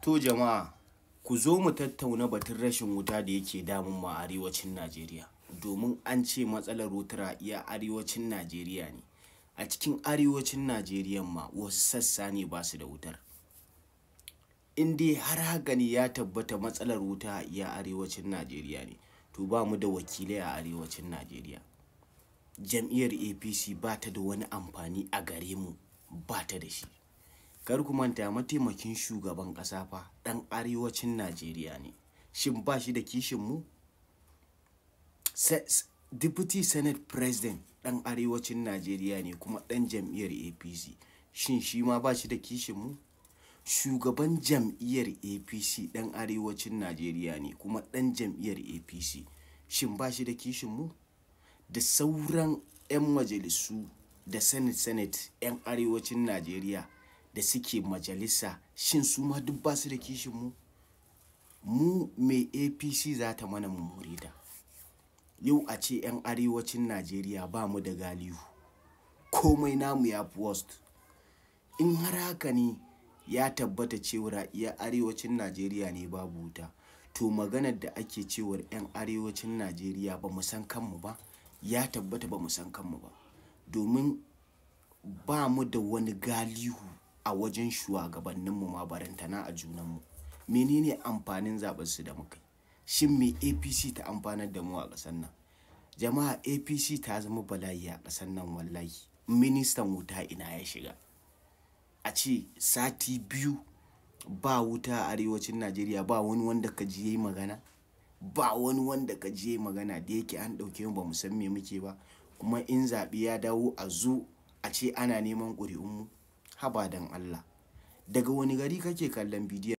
To jama'a, ku zo mu tattauna batun rashin wuta da yake damun mu a arewacin Najeriya. Domin an ce matsalar wutar iya arewacin Najeriya ne. A cikin arewacin Najeriya ma wasu sassa ne ba su da wutar. In dai har hagani ya tabbata matsalar wuta iya arewacin Najeriya ne, to ba mu da wakilai a arewacin Najeriya. Jam'iyyar APC ba ta da wani amfani a gare mu, ba ta da shi. kar ku manta mataimakin shugaban ƙasa fa ɗan arewacin najeriya ne shin ba shi da kishin mu deputy senate president ɗan arewacin najeriya ne kuma ɗan jam'iyyar apc shin shi ma ba shi da kishin mu shugaban jam'iyyar apc ɗan arewacin najeriya ne kuma ɗan jam'iyyar apc shin ba shi da kishin mu da sauran 'yan majalisu da senate senate 'yan arewacin najeriya da suke majalisa shin su ma duk ba su da kishin mu mu mai apc za ta mana murida yau a ce 'yan arewacin najeriya ba mu da galihu komai namu ya fi in har haka ne ya tabbata cewar iya arewacin najeriya ne babu wuta to maganar da ake cewar 'yan arewacin najeriya ba mu san kanmu ba ya tabbata ba mu san kanmu ba domin ba mu da wani galihu a wajen shugabanninmu ma barantana a junanmu menene amfanin zaɓensu da muka shin me apc ta amfanar da mu a ƙasar nan jama'a apc ta zama bala'i a ƙasar nan wallahi ministan wuta ina ya shiga a ce sati biyu ba wuta a arewacin najeriya ba wani wanda ka ji yayi magana ba wani wanda ka ji yayi magana da yake an ɗauke mu ba mu san me muke ba kuma in zaɓe ya dawo a zo a ce ana neman ƙuri'unmu haba don Allah. Daga wani gari kake kallon bidiyon?